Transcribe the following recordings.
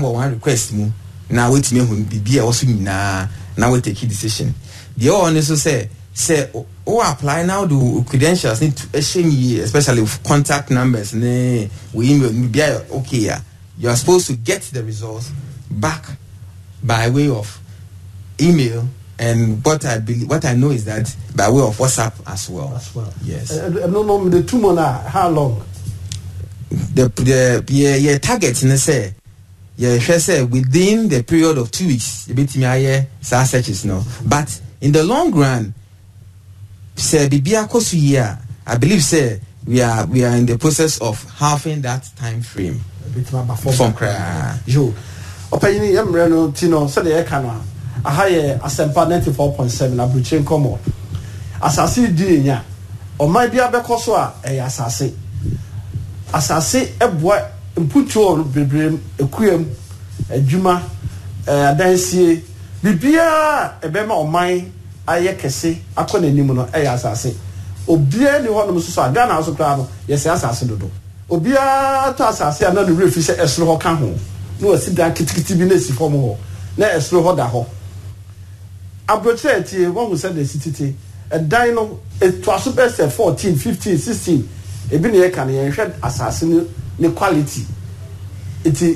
number one request mu na wetumi ehu bibi a wɔso nyinaa na take decision deɛ ɔwɔ ne so sɛ sɛ o oh, apply now do credentials ne to ɛhyɛ yie especially contact numbers ne wo email bibi a okay Ya, you are supposed to get the results back by way of email and what I believe, what I know is that by way of WhatsApp as well. As well. Yes. Uh, no, no, the two months. How long? The the the yeah target. And say yɛhwɛ sɛ within the period of two weeks yɛbɛtumi ayɛ saa searches no but in the long run sɛ biribi akɔ so yie a i believe sɛ we are we are in the process of halving that time frame from koraa. yo ɔpɛyin yɛ mmerɛ no ti no sɛdeɛ yɛka no a aha yɛ asɛmpa ninety four point seven aburukyire nkɔmɔ asase di enya ɔman bi abɛkɔ so a ɛyɛ asase asase ɛboa mputuo no bebree ekuam adwuma ɛɛ eh, adansie biribiara ɛbɛma ɔman ayɛ kɛse akɔ n'anim no ɛyɛ asase obiara ni hɔnom nso so a ghana nso koraa no yɛsɛ asase dodo obiara tɔ asase a na ne werɛ fi sɛ ɛsoro hɔ ka ho na wɔsi dan kitikiti bi na esi fam hɔ na ɛsoro hɔ da hɔ aburokyerɛ tie wɔn sɛ de si tete ɛdan no etoa bɛsɛ fourteen fifteen sixteen ebi na yɛ ka no yɛn hwɛ asase no ne quality nti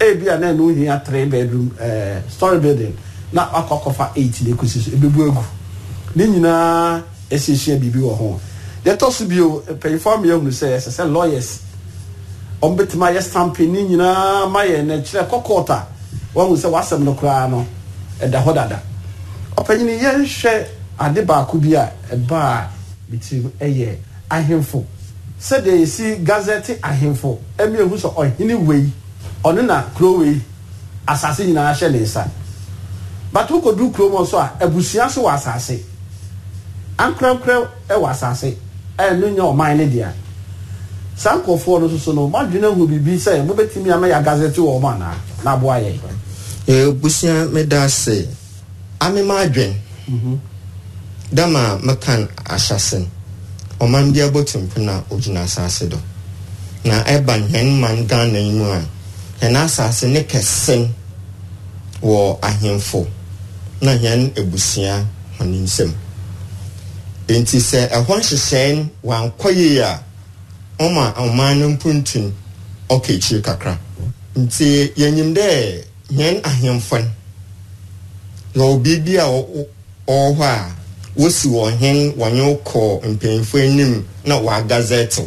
ebi a na ɛna ohia three bedroom ɛɛ eh, story building na akɔ akɔfa eight na ekusi so ebebu egu ne nyinaa esiesie biribi wɔ ho yɛtɔ so bio mpanyinfoɔ mi ehunu sɛ ɛsɛ sɛ lawyers wɔn betumi ayɛ stamping ne nyinaa ma yɛ n'akyerɛ kɔkɔɔta wɔn ahun sɛ wasɛm no koraa no ɛda hɔ dada ɔpanyin yɛn hwɛ ade baako bi a ɛbaa bitiri ɛyɛ ahemfo. sɛdeɛ yɛsi gazɛte ahemfo ɛmi ehu sɛ ɔhene wei ɔno na kuro wei asase nyinaa hyɛ ne nsa bato kodu kuro mu nso a abusua so wɔ asase ankorankora ɛwɔ asase ɛno nyɛ ɔman ne deɛ saa nkɔfoɔ no soso no wɔn adwene ho biribi sɛ mobɛtumi ama yɛ gazɛte wɔ ɔmo anaa n'aboa yɛ. ebusua eh, meda ase amema adwen mhm. dama mekan ahyase no. ɔman bi abɔtwempem na ogyina asase do na ɛba yɛn man ghana yi mu a yɛn asase ne kɛse wɔ ahemfo na yɛn ebusua wɔn nsam nti sɛ ɛhɔ nhyehyɛn wankɔ yie a ɔma ɔman no mpuntun ɔka akyire kakra nti yɛnyim dɛ yɛn ahemfo no yɛwɔ biribi a ɔwɔ hɔ a wosi wɔn hen wɔnye wokɔ mpanyinfoɔ anim na wɔagazɛte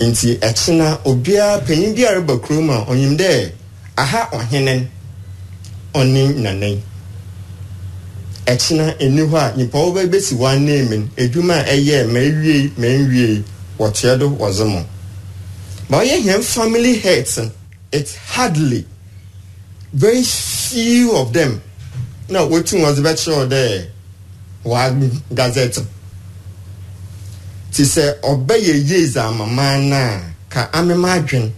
nti ɛkyena obiara panyin bi a reba kurom a ɔnyim dɛ aha ɔhene ɔne nanan ɛkyena ɛni hɔ a nipa wo bɛ bɛsi wɔn anan mu adwuma a ɛyɛ ma ewie ma nwie wɔtoɛ do wɔdze mo ma ɔyɛ hɛn family health it hardly very few of them na wotu wɔn dze bɛkyerɛw dɛ wɔami gazɛte te sɛ ɔbɛyɛ yeez amama no a ka amema adwen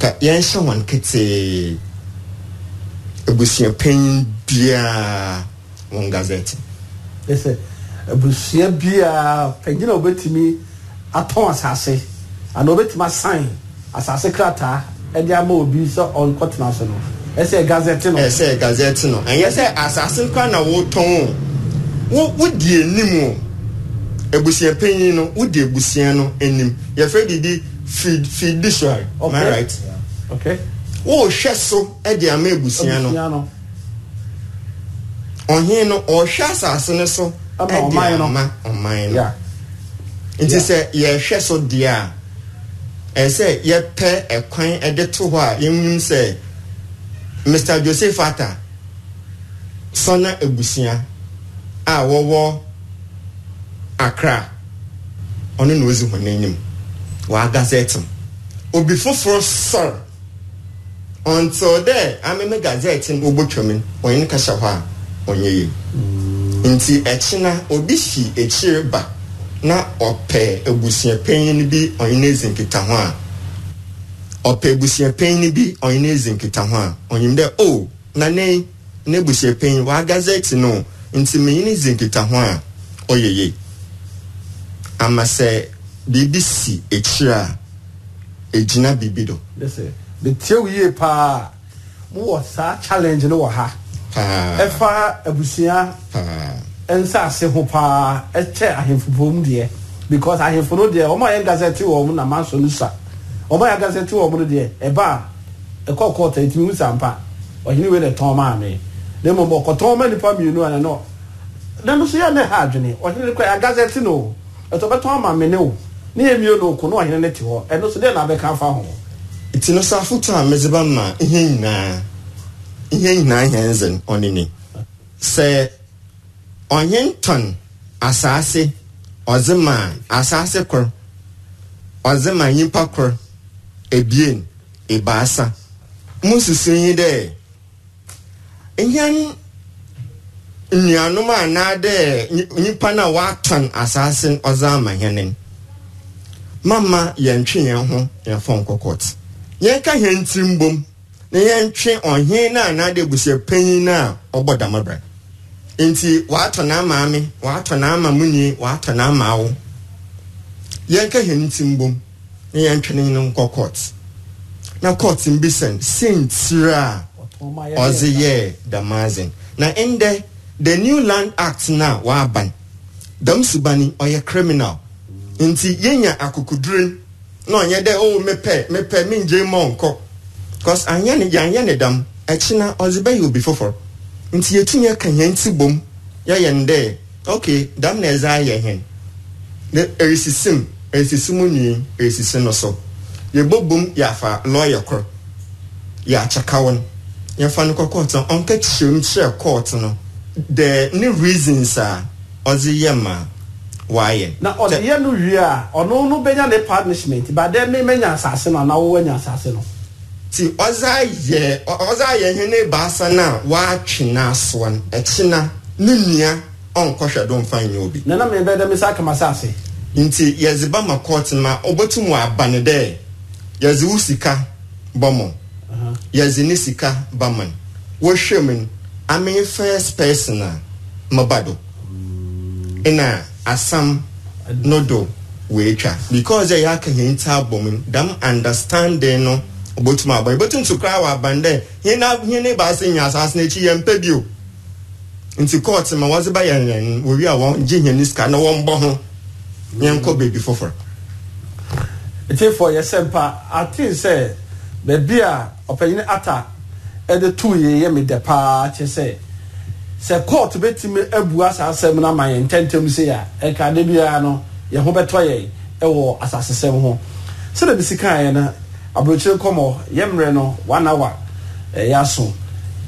ka yɛnhyɛ wɔn ketee abusua panyin biara wɔn gazɛte. ɛsɛ abusua biara panyin a obetumi atɔn asase ana obetumi asan asase krataa ɛde ama obi sɛ ɔnkɔtena so no ɛsɛ gazɛte no. ɛsɛ gazɛte no ɛnyɛ sɛ asase kora na wɔtɔn o wo wodi anim o ebusua panyin no wodi ebusua no anim yɛfɛ didi feed feed dictionary okay. am i right yeah. okay. wɔrehwɛ so de ama ebusua no ɔhen no ɔrehwɛ asase no so de ama ɔman no nti sɛ yɛrehwɛ so deɛ a ɛsɛ yɛpɛ ɛkwan de to hɔ a yɛnim sɛ mr joseph atta sɔna ebusua. a wɔwɔ akra ɔno na ozi wɔn anim wagazette obi foforɔ sɔr until dɛ ameme gazette no obotwa mu wɔn ani kahyɛ hɔ a nti obi si ekyir ba na ɔpɛ abusua panyin bi n'ezi nkita ho a ɔpɛ abusua panyin o na ne ne nti menyini dzi nkitaho a ɔyɛ yie ama sɛ biribi si akyire a biribi do metie wo yie paa mowɔ saa challenge no wɔ ha ɛfa abusua nsase ho paa ɛkyɛ ahemfo pom deɛ because ahemfo no deɛ wɔn a yɛn wɔn na manso no sa wɔn a yɛn gasa ti wɔn no deɛ ɛba ɛkɔɔkɔɔ ɔhene wei na ɛtɔn maa mi. na mmom ɔkɔtɔn ma nipa mmienu ana no dɛm nso yɛ ne ha adwene ɔhene ne kɔɛ agazɛte no ɛtɔ bɛtɔn ama mene o ne yɛ mmienu no ko na ɔhene ne te hɔ ɛno so deɛ na abɛka afa ho. ti no sa afoto a medze ba ma ihe nyinaa ihe nyinaa hɛnzen ɔne ne sɛ ɔnye ntɔn asaase ɔdze ma asaase kor ɔdze ma nyimpa kor ebien ebaasa mu sisi yi dɛ. ɛyɛn nnuanom anaa dɛ nnipa no a wɔatɔn asase ɔdze ama hɛne no mama yɛntwe yɛn ho yɛfa nkɔkɔt yɛnka hɛn ti mbom na yɛntwe ɔhen no anaa dɛ abusua panyin no a ɔbɔ dama brɛ nti wɔatɔ n'ama ame wɔatɔ n'ama mu nie wɔatɔ n'ama awo yɛnka hɛn ti mbom na yɛntwe ne no nkɔ kɔt na kɔt mbisɛn sentire a ɔdze yɛɛ damaazen na ndɛ the new land act na waaban dam subani ɔyɛ criminal nti akụkụ akokoduro na ɔnyɛ dɛ oh mepɛ mepɛ mengye mɔ nkɔ cause anyɛ ne yɛanyɛ ne dam ɛkyi na ɔdze bɛyɛ obi foforɔ nti yɛtumi aka yɛn ti bom yɛyɛ ne dɛ okay dam na ɛdze ayɛ hɛn na ɛresisi m ɛresisi mu nwi ɛresisi no so yɛbɔ bom yɛafa lɔɔyɛ koro yɛakyɛ kawo yɛmfa no kɔ court no ɔnka kyerɛm kyerɛ court no the ne reasons a ɔdze yɛ ma wayɛ. na ɔde yɛ no wie a ɔno no bɛnya ne punishment baadɛ mi mɛnya asase no anawo wɛnya asase no. ti ɔdze ayɛ ɔdze ayɛ hene baasa na waatwe na no ɛkyina ne nua ɔnkɔhwɛ do nfa nyɛ obi. nana mi bɛ dɛ mi kama saase. nti yɛdze ba ma court ma ɔbɛtum aba ne dɛ yɛdze sika bɔ mo. yɛdze ne sika ba mu no wɔhwɛ mu no amen first person a maba do ɛna asam no do wɔatwa because aka yɛn ti abɔ mu no dam understanding no ɔbɛtumi abɔ yɛbɛtum so koraa wɔ aban dɛ yɛn yɛn na baasa nya asase n'akyi yɛn mpɛ bio nti court ma wɔdze ba yɛn yɛn wɔwi a wɔn gye yɛn ne na wɔn bɔ ho yɛn kɔ beebi foforɔ. fɔ mpa ati sɛ. baabi a ɔpanyin ata ɛde tu yie yɛ mi dɛ paa kyɛ sɛ sɛ court bɛtumi abua saa asɛm no ama yɛn ntɛntɛm se ya ɛka de biara no yɛn ho bɛtɔ yɛn ɛwɔ asasesɛm ho sɛdeɛ bi si kan yɛn no aburokyire kɔmɔ yɛmmerɛ no one hour ɛyɛ aso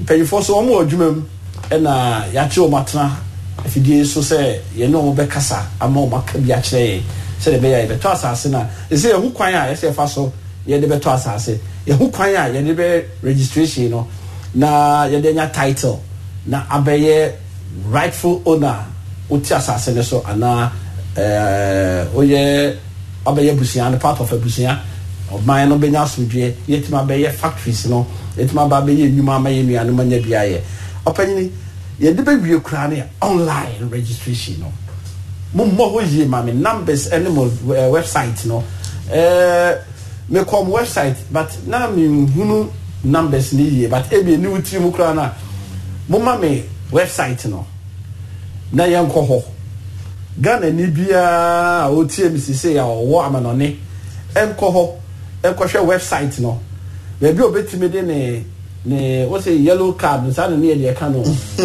mpanyinfoɔ so wɔn wɔ adwuma mu ɛna yɛakye wɔn atena afidie so sɛ yɛn ne wɔn bɛkasa ama wɔn aka bi akyerɛ yɛn sɛdeɛ bɛyɛ yɛbɛtɔ asase na a ɛsɛ yɛn ho kwan a yɛsɛ yɛfa so yɛde bɛtɔ asase yɛho kwan a yɛde bɛ registration no na yɛde nya title na abɛyɛ rightful owner wote asase no so anaa ɛɛ eh, oyɛ abɛyɛ busua no part of abusua ɔman no bɛnya asomdwe yɛtumi abɛyɛ factories no yɛtumi aba abɛyɛ nnwuma ama yɛ nnuane ma nya bia yɛ ɔpanyini yɛde bɛwie koraa no yɛ online registration no mommɔ hɔ yie ma me numbers ɛne eh, mo website no ɛɛ. Eh, me website but na mi nhunu numbers ni yie but ebi ni wotiri mu koraa na mo ma mi website no na yɛn kɔ hɔ ghana ni biara a otie mi sise a ɔwɔ amanɔne ɛnkɔ hɔ ɛnkɔhwɛ website no beebi a obetumi de ne ne wosɛ yellow card saa na ne yɛ deɛ ka no.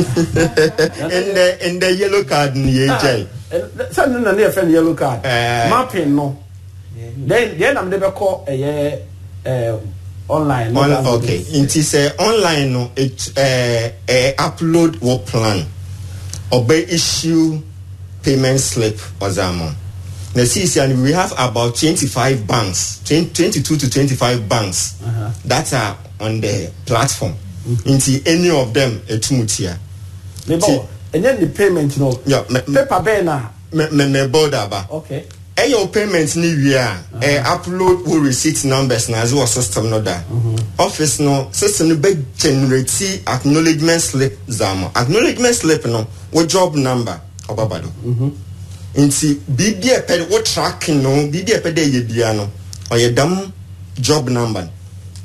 ndɛ ndɛ yellow card ni yɛ jɛ. sanni na ne yɛ fɛn yellow card eh. mapping no then deɛ nam de bɛkɔ ɛyɛ ɛɛ online. online okay nti sɛ eh, online no ɛɛ eh, eh, upload wɔ plan ɔbɛ issue payment slip ɔzaamu na sisi and we have about twenty-five banks twenty-two to twenty-five banks uh -huh. that are on the platform mm-hmm. nti any of them etum tia. mebɔ ɛnyɛ ni payment no. Yeah, paper bɛɛ na. me me mɛ bɔ daba. okay ɛyɛ o payment ni wie a upload wo receipt numbers na ɛzɛ wɔ system no da office no system no bɛ generate acknowledgement slip zaamu acknowledgement slip no wo job number ɔbaba do nti biribi a pɛ wo tracking no biribi a pɛ dɛ ɛyɛ bia no ɔyɛ dam job number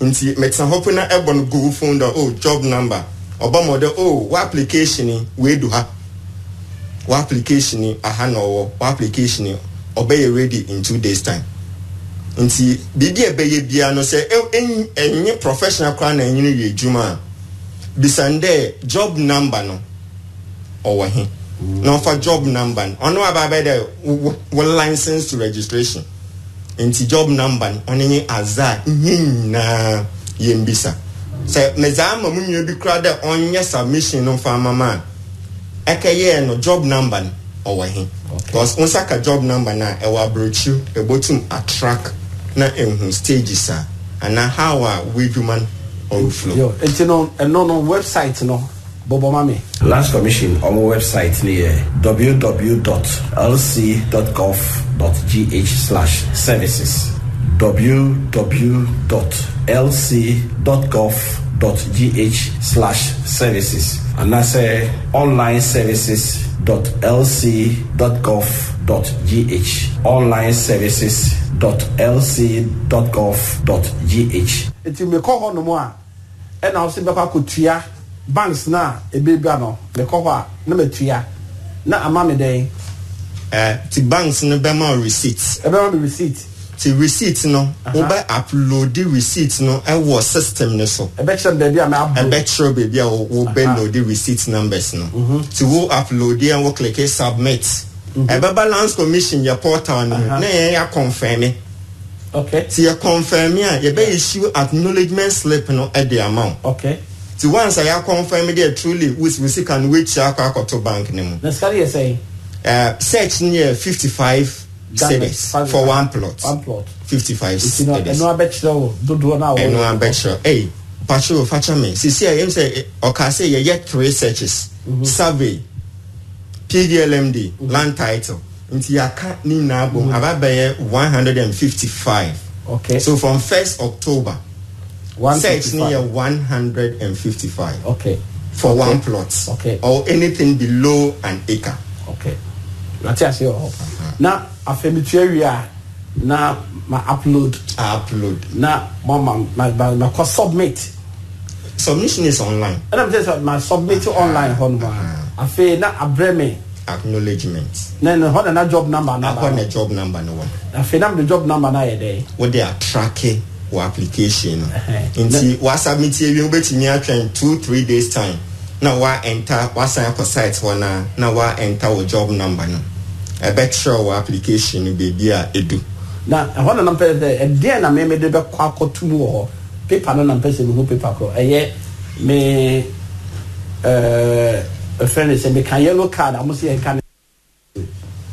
nti mɛtena hɔ pe na ɛbɔ no google phone dɔ o oh, job number ɔba mo dɛ o oh, wo application ni wei do ha wo application ni aha na ɔwɔ wo application ni. ɔbɛyɛ ready in two days time nti biribi a ɛbɛyɛ bia no sɛ ɛnyɛ e- e- professional koraa na ɛnyini yɛ adwuma a bisan dɛ job number no ɔwɔ he na ɔfa job number no ɔno aba abɛ dɛ wɔ license to registration nti job number no ɔno nye aza nye nyinaa yɛn mbisa sɛ mɛza ama mu nua bi koraa dɛ ɔnyɛ submission no fa ama ma a ɛkɛyɛ no job number no. ɔwɔ he because n saka job number na ɛwɔ aburokyi ebotum attract na ehu stages a ana how a wadwuma overflow. nti no ɛno no website no bɔbɔ ma mi. lands commission ɔmo website ni yɛ www.lc.gov.gh services www.lc.gov.gh services anaasɛ uh, online services dot lc dot gov dot gh online services dot lc dot gov dot gh. eti mekɔ hɔ nom a ɛna ɔsi bɛkɔ akɔtua banks na ebibia no mekɔ hɔ a na metua na ama mi dɛn. ɛɛ eh, ti banks no bɛma o receipt. ɛbɛma mi receipt ti receipt no wo bɛ upload receipt no ɛwɔ system ne so ɛbɛkyerɛ beebi a mɛ upload ɛbɛkyerɛ beebi a wo bɛ load receipt numbers no mhm. ti wo upload yɛn wo click submit mhm. ɛbɛba balance commission yɛ portal no na yɛn yɛ confirm ti yɛ confirm a yɛ bɛ issue acknowledgement slip no ɛde amount. wo ti once a yɛ confirm deɛ truly receipt wusi kan wo ekyia akɔ to bank ne mu. na sikari yɛ sɛn. search ni yɛ fifty five. service for one plot. One plot. 55 service. Ẹnu abẹ́kyerẹ́ do do náà wọ́n. Ẹnu abẹ́kyerɛ. Hey, patro facha me. See, see, I am say, okase yẹ yet three searches, mm-hmm. survey, PDLMD, mm-hmm. land title, nti yaka ni nyinaa bom, mm-hmm. ababɛyɛ eh, one hundred and fifty-five. Okay. So from first October, search ni yɛ eh, one hundred and fifty-five. Okay. For okay. one plot. Okay. Or anything below an acre. Okay. ate ase wɔ hɔ na afei mi tua a na ma upload. upload. na ma ma ma ma ma kɔ submit. submission is online. ɛna mi sɛ sɛ ma submit online hɔ nom a ah. afei na abrɛ mi. acknowledgement. na na hɔ na na job number na ba. akɔ na job number na wɔ. afei na mi job number na yɛ dɛ. o de a tracking wɔ application. nti wa submit ewie o bɛ ti mi atwɛn two three days time na wa enter wasan akɔ site hɔ na na wa enter wɔ job number no ɛbɛtwerɛ e wɔ application no beebi a edu. na ɛhɔ na nampɛ sɛ ɛdeɛ na mɛmɛ de bɛkɔ akɔtu mu wɔ hɔ paper no nampɛ sɛ mehu paper korɔ ɛyɛ me ɛɛ ɛfɛn ne sɛ meka yellow card a mo sɛ yɛn ka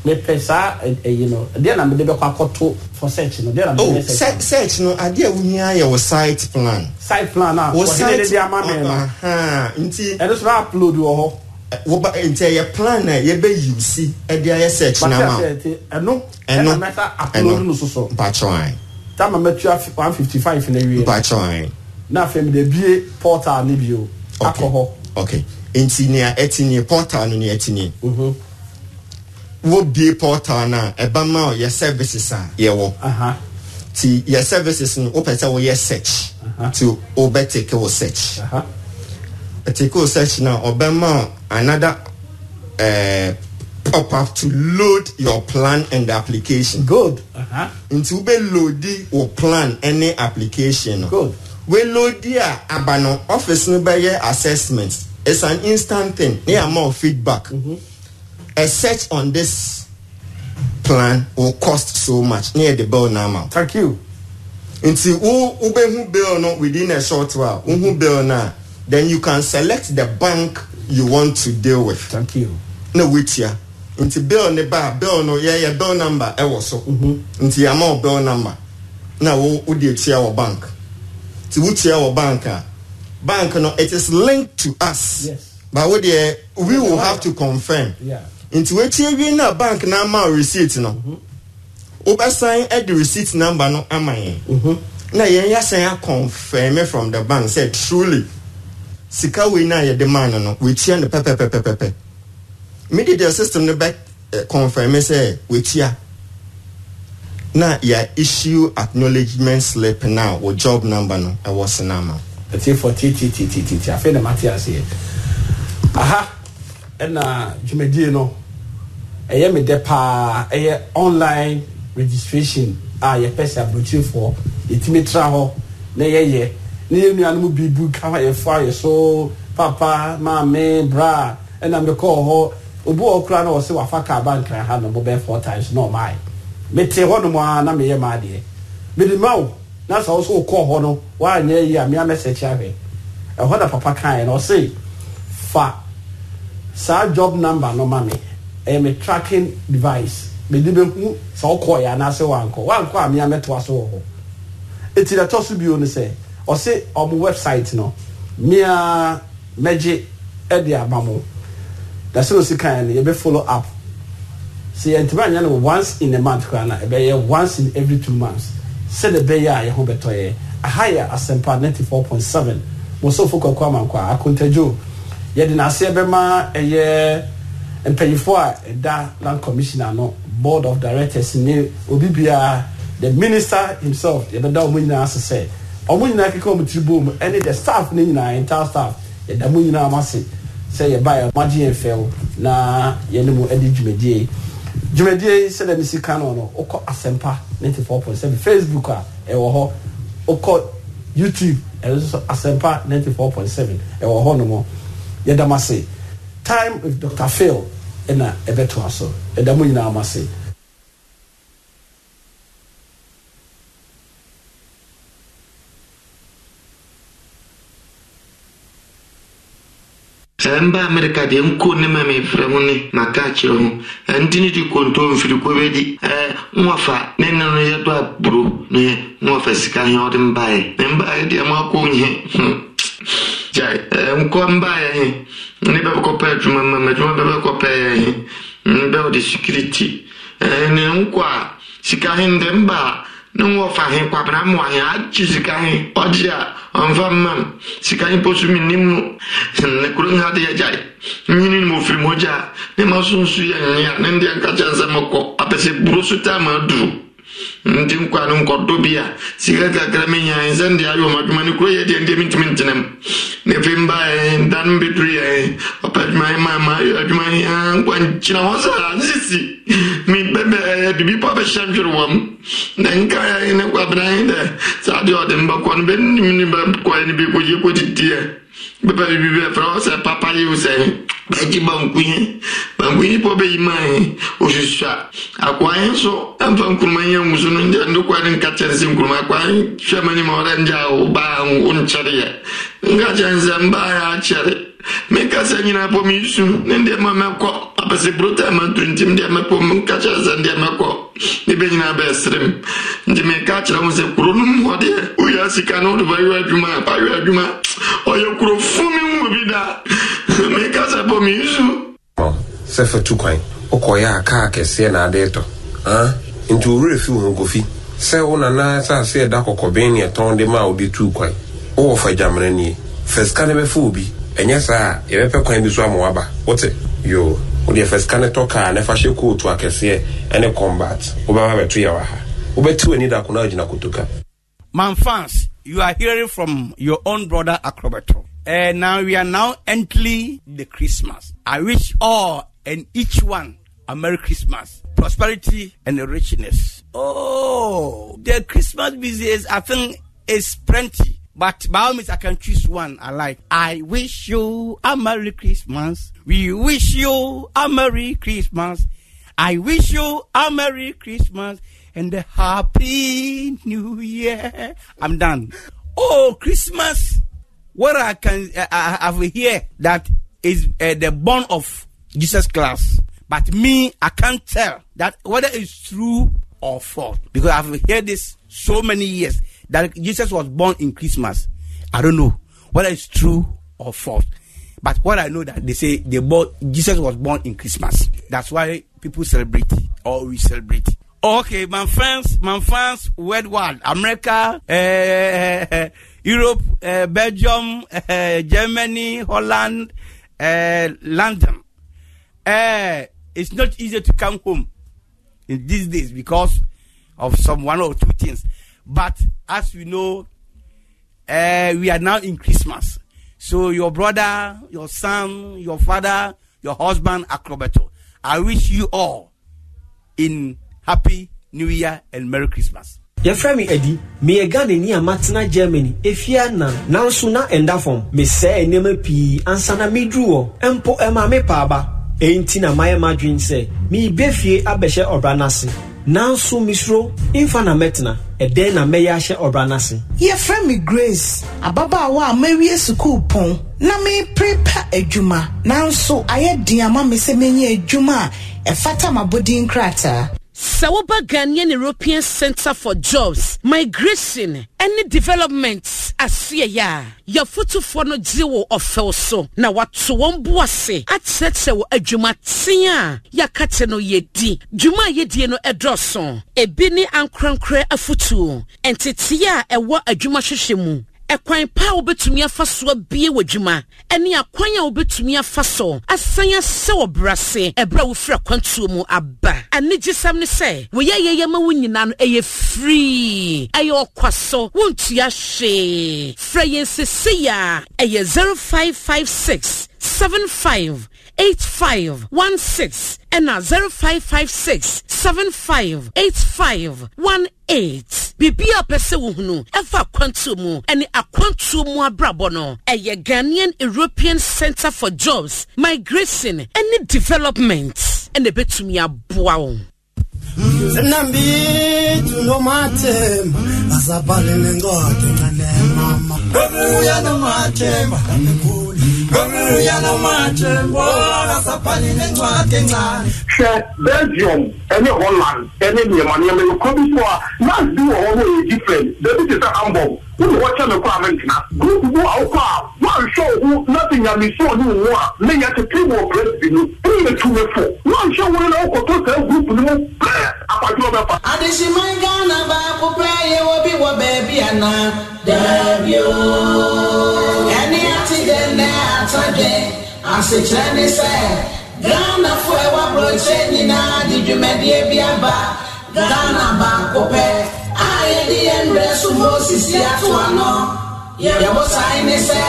mepɛ saa ɛyi eh, eh, no deɛ na mede bɛkɔ akɔto for search no deɛ na mede bɛ oh, search. no adeɛ wunyia yɛ wɔ site plan. site plan a wɔde de de ama mi no nti ɛno so na upload wɔ hɔ. Eh, wɔba nti ɛyɛ plan na yɛbɛ use ɛde ayɛ search na ma ɛno ɛno ɛna mɛta upload no soso. mpakyɛwan. tama mɛtua one fifty five na ewie. mpakyɛwan. na afei mi de bie portal ni bi o. akɔ hɔ. okay nti nea ɛti ni portal no ni ɛti ni. Mhm wobie portal no a ɛba ma yɛ services a yɛwɔ nti yɛ services no wopɛ sɛ woyɛ search nti wobɛteke wo search ɛteke wo search no a ɔbɛma another uh, pop up to load your plan and application. good nti wobɛ loadi wo plan ne application no good we loadi a aba no office no bɛyɛ assessment it's an instant thing ne yɛ ama wo feedback. Mm -hmm a search on this plan will cost so much near the bill now ma. thank you. nti wo wobɛhu bill no within a short while wohu bill no a then you can select the bank you want to deal with. thank you. na wetia nti bill ne ba bill no yɛyɛ bill number ɛwɔ eh, so. Mm-hmm. nti yɛama wɔ bill number na wo wode etia wɔ bank nti wotia wɔ bank a bank no it is linked to us. yes. but wo deɛ we will have to confirm. Yeah nti wetie wie na bank na ama receipt no wobɛsan de receipt number no ama yɛn mhm. na yɛn yɛsan akɔnfɛmɛ from the bank sɛ truly sika wei na yɛde maa no no wetia no pɛpɛpɛpɛpɛ mede deɛ system no bɛ kɔnfɛmɛ eh, sɛ wetia na yɛ issue acknowledgement slip na wɔ job number no ɛwɔ sinama. ɛti fɔ tititititi afei na ma ti ase yɛ aha ɛna dwumadie no ɛyɛ me dɛ paa ɛyɛ online registration a yɛpɛ sɛ aburokyefoɔ yɛtumi tra hɔ na yɛyɛ ne yɛn nuanom bi bu ka yɛfa yɛ so papa maame bra ɛna mekɔɔ hɔ obi wɔ kura na ɔsɛ wafa kaa bankran ha no bɛɛ four times na ɔmaa yi mete hɔ nom ara na meyɛ maa deɛ mede ma wo na sɛ ɔsɛ ɔkɔɔ hɔ no waanyɛ yi a mea mɛsɛ kyerɛ ahwɛ ɛhɔ na papa kaeɛ na ɔse fa saa job number no ma mi ɛyɛ mi tracking device mede bɛ hu saa ɔkɔ yɛ anaasɛ wankɔ wankɔ a mi amɛtoa so wɔ hɔ eti na ɛtɔ so bio no sɛ ɔsi ɔmo website no mia mɛgye ɛde aba mo dasi no si kan no yɛbɛ follow up Si yɛn ntoma anya no once in a month koraa na ɛbɛyɛ once in every two months sɛde bɛyɛ a yɛho bɛtɔ yɛ aha yɛ asɛmpa ninety four point seven mo sɔfo kɔkɔ amankɔ a yɛde n'aseɛ bɛma ɛyɛ mpanyinfoɔ a ɛda land commissioner no board of directors ne obi biara the minister himself yɛbɛda wɔn nyinaa ase sɛ wɔn nyinaa keka wɔn tiri bom ɛne the staff ne nyinaa entire staff yɛda wɔn nyinaa ama se sɛ yɛba yɛ wɔn agye yɛn fɛw na yɛne mu ɛde dwumadie dwumadie sɛdeɛ mi si kan no wokɔ asɛmpa ninety four point seven facebook a ɛwɔ hɔ wokɔ youtube ɛno nso asɛmpa ninety four point seven ɛwɔ hɔ nom yɛda mo ase time with dr phil ɛna ɛbɛtoa so ɛda mo nyinaa mo ase mba amerika deɛ nko ne ma mefrɛ ho ne maka akyerɛ ho ɛnti ne de konto mfiriko nwafa ne ne no yɛdɔ aburo ne nwafa sika hɛ ɔde mbaeɛ ne mbaeɛ deɛ moakɔ nyɛ hmm gyae eh, nkɔ mba yɛ he ne bɛkɔpɛ adwuma ma ma adwuma bɛbɛkɔpɛ yɛ he bɛ wɔde security ne eh, nkɔ a sika he ndɛ mba a ne wɔfa he kwabena mmoa he agye sika he ɔgye a ɔmfa mma m sika he mpo so mennim no ne kuro nha de yɛgyae nyini no wɔfiri mu gya a ne ma so nso yɛ nye a ne ndeɛ nka kyɛ nsɛ mɔkɔ apɛ sɛ buro so taa ma aduru ntin kwanin kordo biya siga ka kramin ya insan da ayo ma kuma ni ko ya tende min ne fim ba dan bitri ya apa ma ma ma ma ya kwan china wasa sisi mi bebe bibi pa ba shamjur wam nan ka ya ina kwa bra ina sa dio den ba kon ben ni ba bɛba bibi bɛ fana ɔsɛ papa yi sɛ bɛgye bankunyɛ bankunyɛ pɔ bɛyi ma yɛ osusua akwanyɛ nso ɛmfa nkuruma yɛ nguso no nkyɛ ne kɔɛ ne nka kyɛre sɛ nkuruma akwanyɛ hwɛ ma ne ma ɔdɛ nkyɛ a wo baa wo nkyɛre yɛ nka kyɛn sɛ mbaa yɛ akyɛre mikasa nyinaa pɔ misu ne ndị ma mɛkɔ apɛsɛ burota amatuntum deɛ ndị ndị nkakyɛ sɛ ndeɛ mɛkɔ ne bɛ nyinaa bɛɛserem nti meka kyerɛ ho sɛ kuro no mmɔ deɛ a kaa kɛseɛ na ade tɔ nti owurɛ fi wo nkofi sɛ ɛnyɛ saa yɛbɛpɛ kwan bi so ama waba wote yo wode sika ne tɔ kaa hyɛ kootu akɛseɛ combat wobɛba bɛto ha wobɛtiw ani da agyina kotoka man fans you are hearing from your own brother acrobato uh, eh, now we are now entering the christmas i wish all and each one a merry christmas prosperity and richness oh the christmas business i think is plenty but by all means, I can choose one I like. I wish you a Merry Christmas. We wish you a Merry Christmas. I wish you a Merry Christmas and a Happy New Year. I'm done. Oh, Christmas! What I can I have here that is uh, the born of Jesus Christ. But me, I can't tell that whether it's true or false because I've heard this so many years. that Jesus was born in Christmas. I don't know whether it's true or false. But what I know that they say they born, Jesus was born in Christmas. That's why people celebrate or we celebrate. Okay, my friends, my friends, worldwide, America, uh, Europe, uh, Belgium, uh, Germany, Holland, London. it's not easy to come home in these days because of some one or two things. But as we know, uh, we are now in Christmas. So your brother, your son, your father, your husband, Acrobato, I wish you all in happy New Year and Merry Christmas. yɛfrɛ me adi meyɛ ghanani a matena germany efia na nanso na ɛnda fam mesɛɛ nneɛma pii ansa na meduru hɔ mpo ɛma me paaba ɛnti na mayɛ m'adwene sɛ meebɛfie abɛhyɛ ɔbra no ase nanso misuro nfa na mɛtena ɛdɛn na mɛyɛ ahyɛ ɔbra n'ase. yɛfrɛ me grace ababaawa a mawie sukuu pɔn na meprepa adwuma nanso ayɛ den ama me sɛ menyɛ adwuma a ɛfata m'abɔdin krataa sɛ woba ghanaian european center for jobs migration ɛne development aseɛ yɛ a yɛfotufoɔ no gye wo ɔfɛw so na wato wɔn bo ase akyerɛkyerɛ wɔ adwumaten a yɛaka te no yɛdi dwuma a yɛdie no ɛdɔɔso ebi ne ankorankora afotuo nteteeɛ a ɛwɔ adwuma hwehwɛ mu ɛkwan pa a wobɛtumi afa so abie w'adwuma ɛne akwan a wobɛtumi afa so asan asɛ wɔ brase ɛberɛ a wofiri akwantuo mu aba anigyesɛm ne sɛ woyɛ yɛyɛ ma wo nyinaa no ɛyɛ firii ɛyɛ ɔkwa so wontua hwee frɛ yɛn sesei a ɛyɛ 0556 75 0556 ɛna 0556 758518 a pɛ sɛ wohunu kwantu mu ɛne akwantuo mu abrabɔ no ɛyɛ ghanaian european center for jobs migration ɛne development ɛna ɛbɛtumi aboa wo nambitu nomathemba asabhale nencwadi nganenmama ebuya nomathemba hwɛ belgium ɛne holland ɛne nneɛma nneɛma yɛkɔ bi so a nas bi wɔ hɔ no yɛ different dabi te sɛ hamburg wọ́n wọ́n kyẹ́ mi kọ́ àmì ntina gúrúùpù bó àwòkọ́ à wọ́n nhyɛ òhu láti nyàmísí òní òwò à ne yẹ tètè wọ pírẹsìdì nù ẹni yẹ tu mi fọ wọ́n nhyɛ òhu ní ọkọ̀ tó sẹ́ gúrúùpù ní mu pẹ́ẹ́ àpàtì ọbẹ̀ fà. àdìsímọ́ gánà baako pẹ́ yẹ wọ́n bí wọ́n bẹ̀ẹ́bí àná dàbí o ẹni àti dẹ́ndẹ́ àtàdé àṣìkyerẹ́ yɛde yɛn mmerɛ so moses yɛ ato ano yɛwɔ sae ne sɛ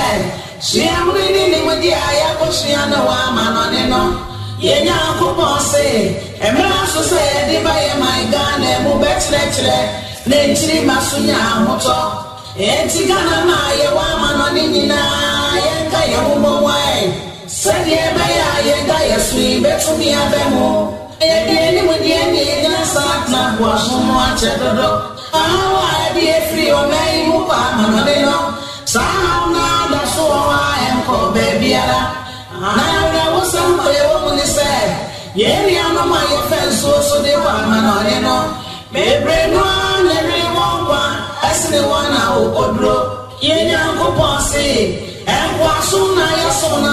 hyiamre ne nimdeɛ a yɛakɔsua ne wɔ amanɔne no yɛnyankopɔn se mmerɛ so sɛ yɛde ba yɛ man ghana mu bɛkyerɛkyerɛ na nkyiri ma so nya ahotɔ ɛnti ghana no a yɛwɔ amanɔne nyinaa yɛnka yɛ ho mmɔwae sɛdeɛ ɛbɛyɛ a yɛda yɛ so yi bɛtumi abɛ mu yɛde anim deɛ ne yɛgyina saa tena boaso mu akyɛ dodo ahaw e a ɛde afiri ɔbɛn yi mu no saa ahaw no ada e so na awerɛwosɛm a yɛwɔ mu ne sɛ yɛn nuanom a no bebree no a na ɛwe wɔn kwa ɛsene wɔn a wɔkɔduro yɛn nyankopɔn se ɛnkoaso na yɛsom na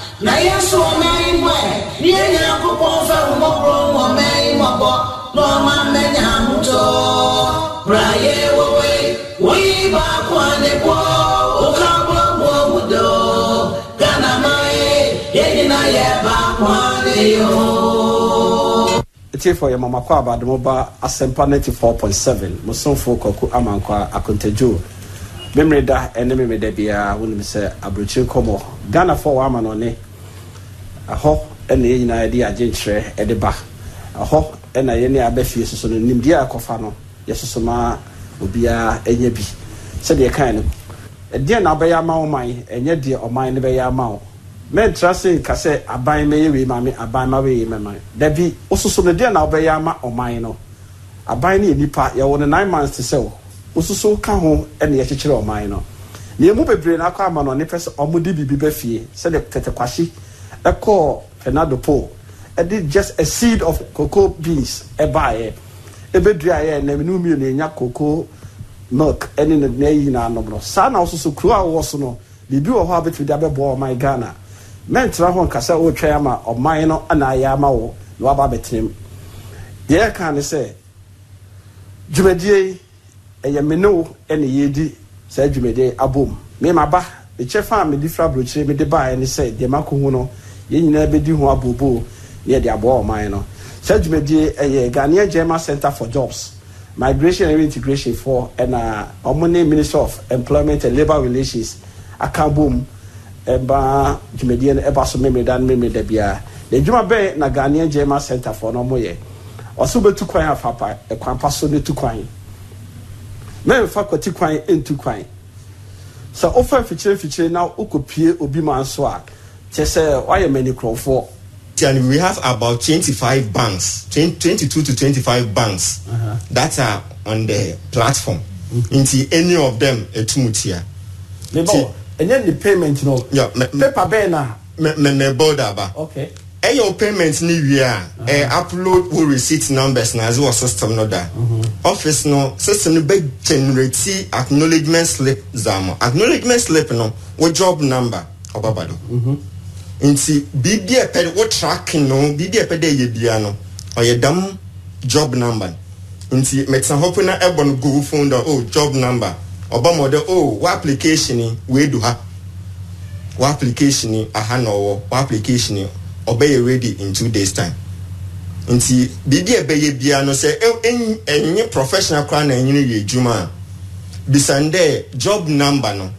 na ihe so mee igbe n'ihe nye akụkọ ofe mgbọkpụrụ ụmụ mee ịmọkpọ n'ọma mmenya ahụtọ braya ewewe onye ibe akụ adịkpọ ụka abụ bụ obodo gana maghị enyi na ya ebe akwa adịghị tiefo yɛ mamakɔ abademo ba asɛmpa 94.7 mosomfoɔ kwaku amankɔ akontadwoo memmereda ɛne memmereda biara wonim sɛ aburokyiri nkɔmmɔ ghanafoɔ wɔ ama no ne ɛhɔ ɛna yɛn nyinaa yɛde nkyerɛ ɛde ba ɛhɔ ɛna yɛn ne abɛfie soso no nimdeɛ a ɛkɔfa no yɛsoso ma obiara ɛnyɛ bi sɛdeɛ kan no ɛdeɛ na abɛyɛ ama ɔman ɛnyɛ deɛ ɔman no bɛyɛ ama wo mɛntra se nka sɛ aban mɛyɛ wei maame aban ma wei ma dabi wososo no deɛ na wobɛyɛ ama ɔman no aban no yɛ nipa yɛwɔ no nine months te sɛ wo wososo ka ho ɛne yɛkyekyere ɔman no nea mu bebree no akɔ ama no ɔne pɛ sɛ ɔmo de biribi bɛfie sɛdeɛ tɛtɛkwahye ɛkɔɔ ɛnadopo ɛde just a seed of cocoa beans ɛbaeɛ ɛbɛduaeɛ na menu mmienu ɛnya cocoa milk ɛne ne n'ayi n'anom no saa na ɔsoso kuro a wɔwɔ so no biribi wɔ hɔ a bɛtumi de abɛboa ɔman ghana mɛntena hɔ nkasa ɔretwɛn ama ɔman no ana ayɛ ama wɔ na waba abɛtenam deɛ ɛka ne sɛ dwumadie yi ɛyɛ me ɛna yɛredi saa dwumadie abom mɛma ba mekyɛ fa a mede fira aburokyire mede baeɛ ne sɛ deɛ mako ho no yɛn nyinaa bɛdi ho abobo ne yɛde aboa ɔman no saa dwumadie ɛyɛ ghanaian german center for jobs migration and reintegration for ɛna ɔmo ne minister of employment and labour relations aka bom ɛba dwumadie no ɛba so mmemme da no mmemme da biara na adwuma bɛyɛ na ghanaian german center for no ɔmo yɛ ɔso bɛtu kwan afapa ɛkwan pa so ne tu kwan mmɛmfa kɔti kwan ntu kwan sɛ ofa mfikyire mfikyire na okɔ obi ma nso a. kyɛ sɛ wayɛ mɛni kurɔfoɔ. and we have about twenty-five banks twenty-two to twenty-five banks uh -huh. that are on the platform mm-hmm. nti okay. any of them etum tia. nebɔ ɛnyɛ ni payment no. Yeah, paper bɛɛ na. mɛmɛ bɔɔda ba. okay. ɛyɛ eh, o payment ni wie a ɛ uh-huh. eh, upload wo receipt numbers na ɛzɛ wɔ system no da mm-hmm. office no system no bɛ generate acknowledgement slip zaa acknowledgement slip no wo job number ɔbaba do. Mm -hmm nti biribi a ɛpɛ wo tracking no biribi a ɛpɛ dɛ ɛyɛ bia no ɔyɛ dam job number nti mɛtena hɔ po na ɛbɔ no google phone dɔ o oh, job number ɔba ma ɔdɛ o oh, wa application yi wɔadu ha wɔ application yi aha na ɔwɔ wɔ application yi ɔbɛyɛ ready in two days time nti biribi a ɛbɛyɛ bia no sɛ e, e, ɛnyɛ professional koraa na ɛnyini yɛ adwuma a bisan dɛ job number no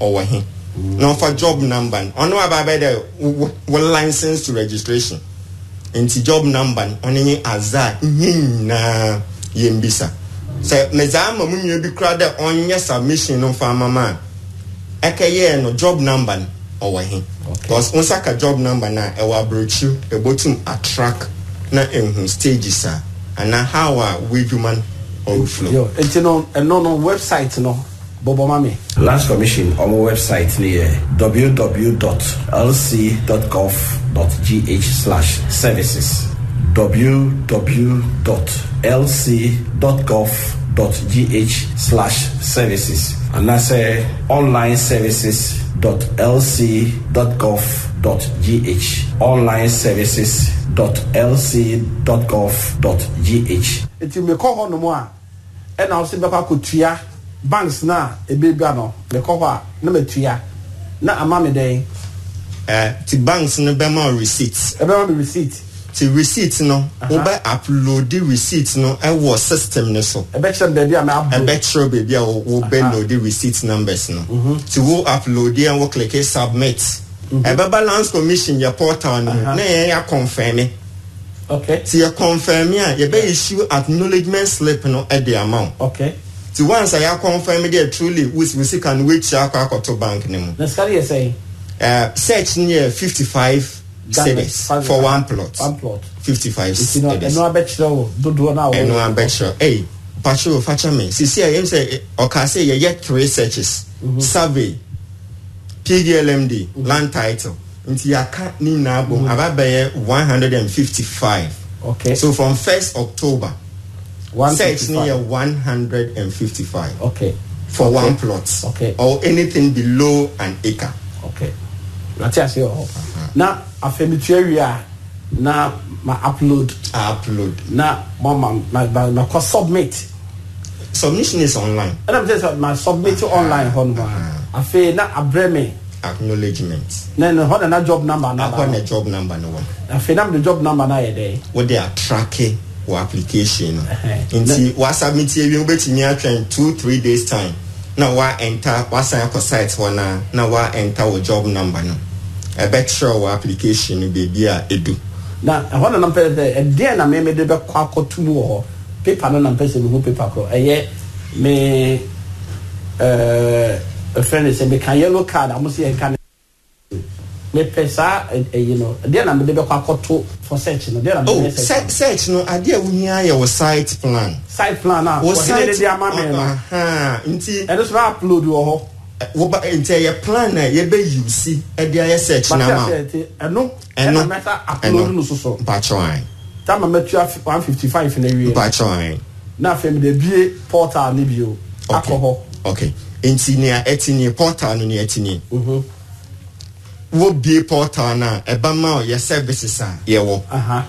ɔwɔ he na ɔfa job number no ɔno aba abɛ dɛ wɔ license to registration nti job number no ɔno nye aza nye nyinaa yɛn bisa sɛ mɛza ama mu nua bi kura dɛ ɔnyɛ submission no fa ama ma a ɛkɛyɛ no job number no ɔwɔ he because okay. nsa job number na ɛwɔ aburokyi ebotum attract na ehu stages a ana how a we human overflow. nti no ɛno no website no bɔbɔ ma mi. lands commission ɔmo website ni yɛ www.lc.gov.gh services www.lc.gov.gh services and that's anaasɛ uh, online services lc.gov.gh online services.lc.gov.gh. ètò ìmẹ̀kọ́ hɔ nom a ɛna ɔsè bɛkɔ akɔtua banks na ebebia no mekɔ hɔ a na matua na ama me dɛn. ɛɛ eh, ti banks no bɛ ma receipt. ɛbɛ ma mi receipt. ti receipt no wo bɛ upload receipt no ɛwɔ system ni so. ɛbɛ kyerɛ beebi a mɛ abo. ɛbɛ kyerɛ beebi a wo bɛ load receipt numbers no. Mhm. ti wo upload yɛn wo click submit. Mhm. ɛbɛ balance commission yɛ portal no na yɛn yɛ confirm. okay ti yɛ confirm a yɛ bɛ issue acknowledgement slip no ɛdi ama o. okay ti once a yà confirm deɛ truly wusi wusi wait wekyia akɔ akɔto bank ne mu. na sikari yɛ sɛn. Eh? Eh, search ni yɛ fifty five cedis for one plot one plot fifty five cedis. ɛnu abɛkyerɛ o dodoɔ naa wɔyɛ. ɛnu abɛkyerɛ ɛyi patro facha mi sisi a yɛn sɛ ɔkaase yɛ yɛ three searches mm-hmm. survey pdlmd mm-hmm. land title nti yaka ne nyinaa bom mm-hmm. aba bɛyɛ eh, one hundred and fifty five. okay so from first october set near yɛ one hundred and fifty five for okay. one plot okay. or anything below an acre. Okay. Nati ase wɔ hɔ. Uh-huh. Na afɛmitua wia na ma upload. I upload. Na ma ma ma ma ma kɔ submit. Submission is online. Ɛna mi sɛ sɛ ma submit uh-huh. online hɔ nom a. Afei na abrɛ mi. Acknowledgement. Na na hɔ na job number na ba. Akɔ na job number na wɔn. Afei na mi de job number na yɛ dɛ. Wɔ de a tracking wɔ application no nti wasubmit ewie wobɛtumi atwɛn two three days time na wa enter wasan akɔ site hɔ na na wa enter wɔ job number no ɛbɛkyerɛ e wɔ application no beebi a edu. na ɛhɔ na nampɛ sɛ ɛdeɛ na mɛmɛ de bɛkɔ akɔtu mu wɔ hɔ paper no nampɛ sɛ mehu paper korɔ ɛyɛ me ɛɛ ɛfɛn ne sɛ meka yellow card a mo sɛ yɛn ka mepɛ saa ɛyi eh, no deɛ na mede bɛkɔ akɔto for search no deɛ na mede oh, bɛ search. search no adeɛ wunyia yɛ wɔ site plan. site plan a wɔde de de ama mi no nti ɛno so upload wɔ hɔ. woba nti ɛyɛ plan na yɛbɛ use ɛde ayɛ search na ma ɛno ɛno ɛna upload no soso. mpatsɔn. tama mɛtua one fifty five na ewie. mpatsɔn. na afei mi de bie portal ni bi o. akɔ hɔ. okay nti nea ɛti ni portal no ni ɛti ni. Uh mhm. -huh wobie portal no a ɛbɛma ɔyɛ services a yɛwɔ